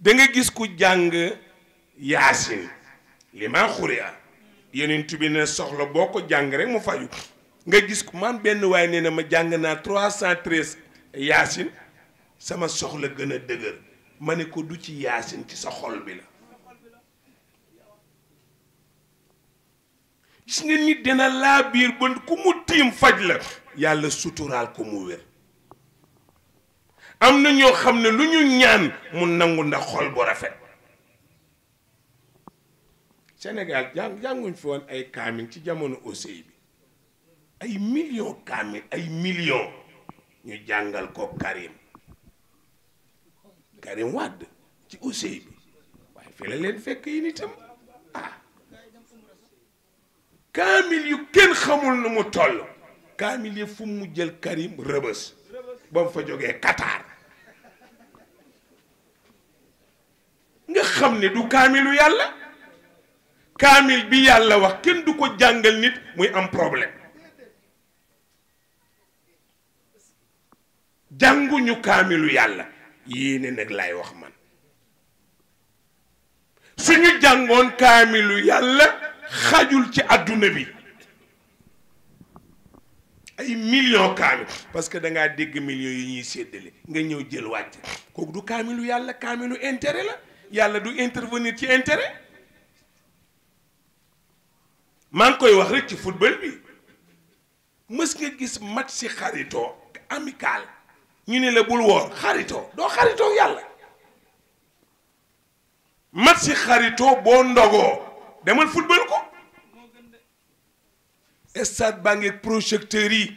da nga gis ku jàng yaasin li maa yeneen yenentu bi soxla boo ko jàng rek mu faju nga gis ku man benn waaye nee na ma jàng naa trois cent treize yaasin sama soxla gën a dëgër ma ne ko du ci yaasin ci sa xol bi la gis nga nit dina laa biir ba ku mu tiim faj la yàlla suturaal ko mu wér am na ñoo xam ne lu ñu ñaan mu nangu ndax xol bu rafet senegal jàng jànguñ fi woon ay kaamil ci jamono Ousseynou bi ay million ay million ñu jàngal ko Karim Karim Wade ci Ousseynou bi waaye fii la leen fekk yi nitam ah kaamil yu kenn xamul nu mu toll kaamil yi fu mu jël Karim rëbës ba mu fa jógee Qatar xam ne du kaamilu yàlla kaamil bi yàlla wax kenn du ko jàngal nit muy am problème jànguñu kaamilu yàlla yéene nag laay wax man suñu jàngoon kaamilu yàlla xajul ci àdduna bi ay million kaamil parce que dangaa dégg millions yi ñuy séddale nga ñëw jël wàcc kooku du kaamilu yàlla kaamilu intérêt la yàlla du intervenir ci intérêt maa ngi koy wax rek ci football bi mës nga gis match si xaritoo amical ñu ni la bul woor xaritoo doo xaritoo yàlla match si xaritoo boo ndogoo demal football ko stade baa ngi projecteurs yi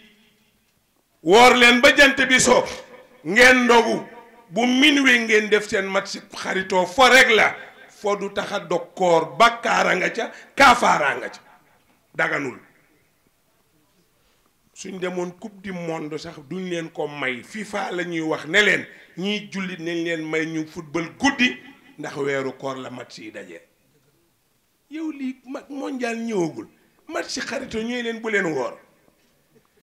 woor leen ba jant bi soo ngeen ndogu bu minuwee ngeen def seen mat si xaritoo fo rek la foo du taxa dog koor bàkkaara nga ca kaafaara nga ca daganul suñ demoon coupe du monde sax duñ leen ko may FIFA la ñuy wax ne leen ñiy jullit nañ may ñu football guddi ndax weeru koor la mat si daje yow lii mag mondial ñëwagul mat si xaritoo ñooy len bu leen